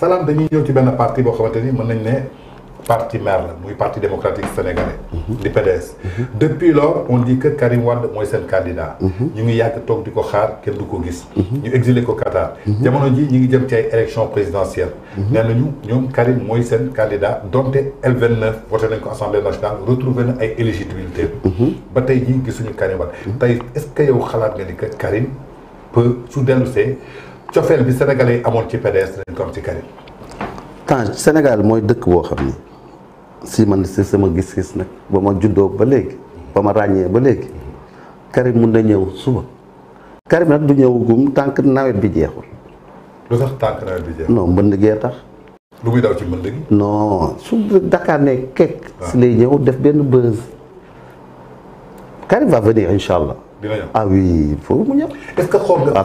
Salam, dañuy ñëw ci benn parti boo xamante ni mën nañ ne parti mère la muy parti démocratique sénégalais. Mhm. di PDS. Mhm. depuis lors on dit que Karim Wade mooy seen candidat. Mhm. ñu ngi yàgg toog di ko xaar kenn du ko gis. ñu exilé ko Qatar. jamono ji ñu ngi jëm ci ay élection présidentielle. nee nañu ñoom Karim mooy seen candidat donte L29 voté nañ ko assemblée nationale retrouvé na ay éligibilité ba tey jii gisuñu Karim Wade. tey est-ce que yow xalaat nga ni que Karim peut su cofeel bi sénégalais yi amoon ci PDS lañ ko ci Karim. temps Sénégal mooy dëkk boo xam ni si man si sama gis-gis nag ba ma juddoo ba léegi ba ma ràññee ba léegi Karim mun na ñëw suba. Karim nag du ñëw gum tànk nawet bi jeexul. lu tax tànk nawet gee tax. lu muy daw ci su Dakar ne kekk. Ah. si lay ñëw def benn buzz. Karim a venir incha allah. ah oui foofu mu ñëw. est-ce que xool nga. Ah,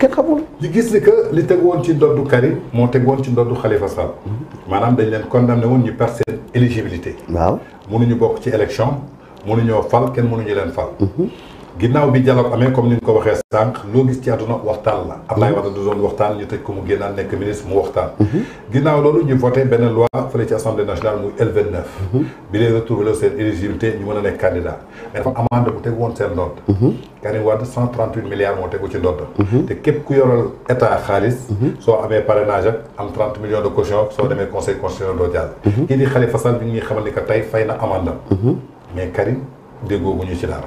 kenn xamul. ñu gis ni que li teg woon ci ndoddu Karim moo teg woon ci ndoddu Khalifa Sall. maanaam dañ leen condamné woon ñu perte seen éligibilité. waaw mënuñu bokk ci élection mënuñoo fal kenn mënuñu leen fal. Mhm ginnaw bi dialogue amé comme ni ñu ko waxee sànq loo gis ci aduna waxtan la Abdoulaye Wade du doon waxtan ñu tëj ko mu génnaat nek ministre mu waxtan mhm. ginnaw lolu ñu voté ben loi fële ci assemblée nationale muy L29 mhm. bi leen retrouvé seen éligibilité ñu mëna nek candidat mais fa amande ko teg won sen ndodd mhm. Karim Wade cent trente huit milliards moo tegu ci ndodd te képp ku yoral état xaalis so amé parrainage ak am 30 millions de caution so démé conseil constitutionnel do dial kii di Khalifa Sall bi ñuy xamal ni que tey fay na amende mais Karim déggoo bu ñu ci dara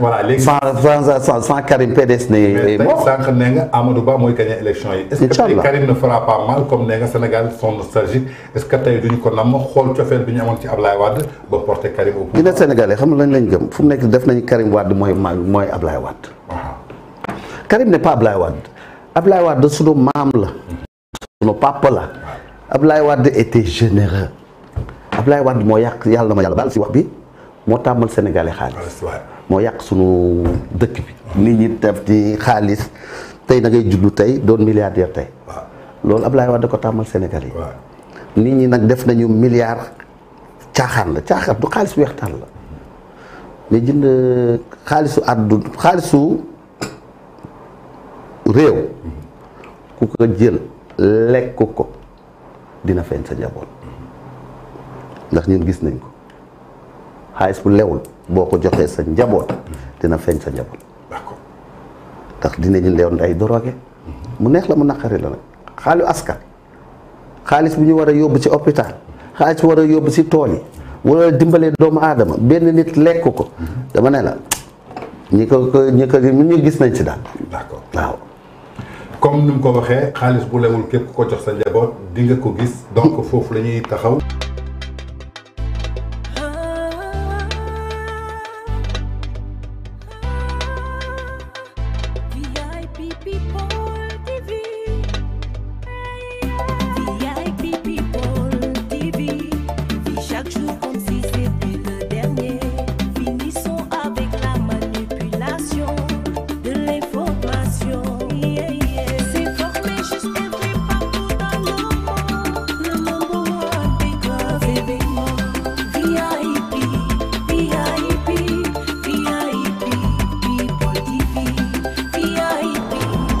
voilà léegi sans sans sans Karim PDS ne. mais tey sànq Amadou Ba mooy gagné élection est-ce que Karim ne fera pas mal comme ne Sénégal sont nostalgiques est-ce que tay duñ ko nam xol cofeel biñu amon ci Ablaye Wade ba porter Karim au pouvoir. dina Sénégalais xam nga lañ lañ gëm fu nek def nañ Karim Wade moy moy Ablaye Wade. Karim n'est pas Ablaye Wade Ablaye Wade son mam la. son papa la. Ablaye Wade était généreux. Ablaye Wade moo yak yalla na ma yàlla baal si wax bi mo tamal Sénégalais xaalis. moo yàq sunu dëkk bi. nit ñi def ci xaalis tey da ngay juddu tey doon milliardaire tey. loolu Ablaye Wade da ko tàmmal Sénégal yi. nit ñi nag def nañu milliard caaxaan la caaxaan du xaalis bu weextaan la mais jënd xaalisu àddu xaalisu réew ku ko jël lekk ko dina feeñ sa njaboot ndax ñun gis nañ ko xaalis bu lewul. boo ko joxee sa njaboot dina feeñ sa njaboot. d'accord ndax dinañu leew nday drogue mu neex la mu naqari la nag xaalu askan xaalis bu ñu war a yóbbu ci hôpital xaalis bu war a yóbbu ci tool yi wala dimbalee doomu aadama benn nit lekk ko dama ne la ñi ko ñi ko ñu gis nañ ci daal. d'accord waaw. comme ni ko waxee xaalis bu lewul képp ko jox sa njaboot di nga ko gis donc foofu la taxaw.